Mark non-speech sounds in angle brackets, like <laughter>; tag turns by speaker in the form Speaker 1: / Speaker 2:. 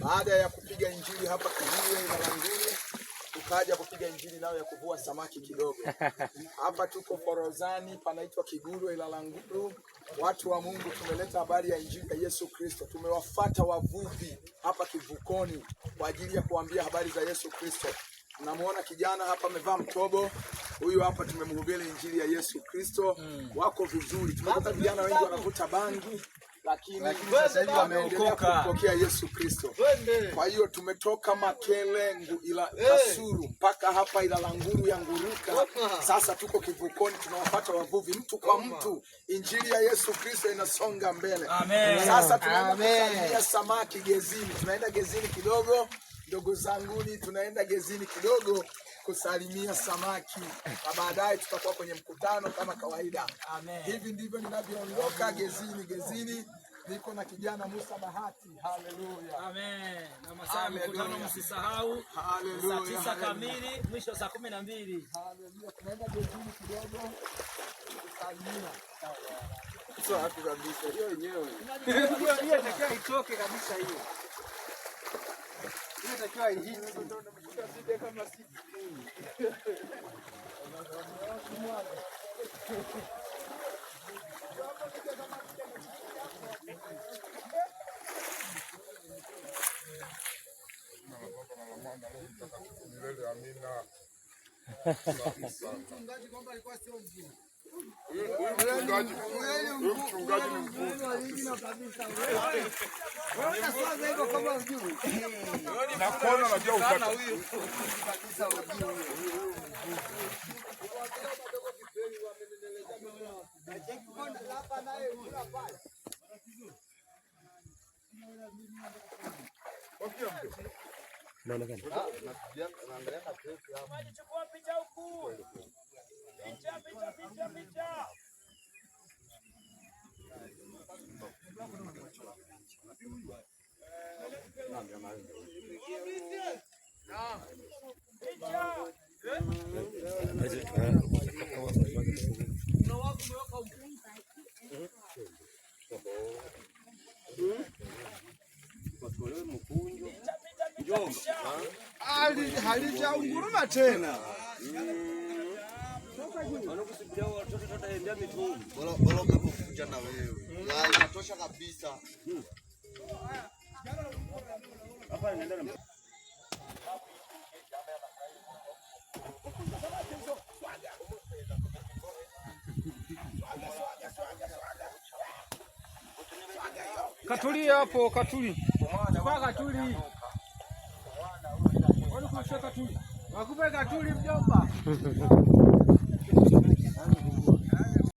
Speaker 1: Baada ya kupiga injili hapa Kijiwe na Languni, tukaja kupiga injili nayo ya kuvua samaki kidogo <laughs> hapa. Tuko Forozani, panaitwa Kigulu ila Languru. Watu wa Mungu, tumeleta habari ya injili ya Yesu Kristo. Tumewafata wavuvi hapa kivukoni kwa ajili ya kuambia habari za Yesu Kristo namuona kijana hapa amevaa mtobo, huyu hapa tumemhubiri injili ya Yesu Kristo mm. Wako vizuri, tumepata vijana wengi wanavuta bangi lakini
Speaker 2: sasa hivi wameokoka
Speaker 1: kupokea Yesu Kristo. Kwa hiyo tumetoka Makele ila eh. Kasuru mpaka hapa ila languru ya Nguruka, sasa tuko kivukoni, tunawapata wavuvi mtu kwa mtu. Injili ya Yesu Kristo inasonga mbele. Amen. Sasa tunaenda samaki gezini, tunaenda gezini kidogo ndugu zanguni, tunaenda gezini kidogo kusalimia samaki na baadaye tutakuwa kwenye mkutano kama kawaida. Amen. Hivi ndivyo ninavyoondoka gezini. Gezini niko na kijana Musa Bahati. Haleluya.
Speaker 2: Amen. Na masaa mkutano msisahau. Haleluya. Saa tisa kamili mwisho saa kumi na mbili.
Speaker 1: Haleluya. Tunaenda gezini kidogo kusalimia. Sawa.
Speaker 3: Sio hapo kabisa. Hiyo yenyewe.
Speaker 4: Hiyo ndio itoke kabisa hiyo. Anatakiwa hii
Speaker 5: utasinde kama si milele amina. Mchungaji kwamba alikuwa sio mzima. Huyu mchungaji huyu mchungaji ni mvuvi. Na kona unajua ukata.
Speaker 4: Naonekana. Naangalia katikati hapo. Chukua picha huku. Picha picha picha picha. halijaunguruma tena
Speaker 5: wanakusubiria watoto tutaendea mitumba,
Speaker 4: bora bora kama kuja na wewe, inatosha kabisa.
Speaker 2: Katuli hapo, katuli katuli, katuli, wakupe katuli mjomba. <laughs>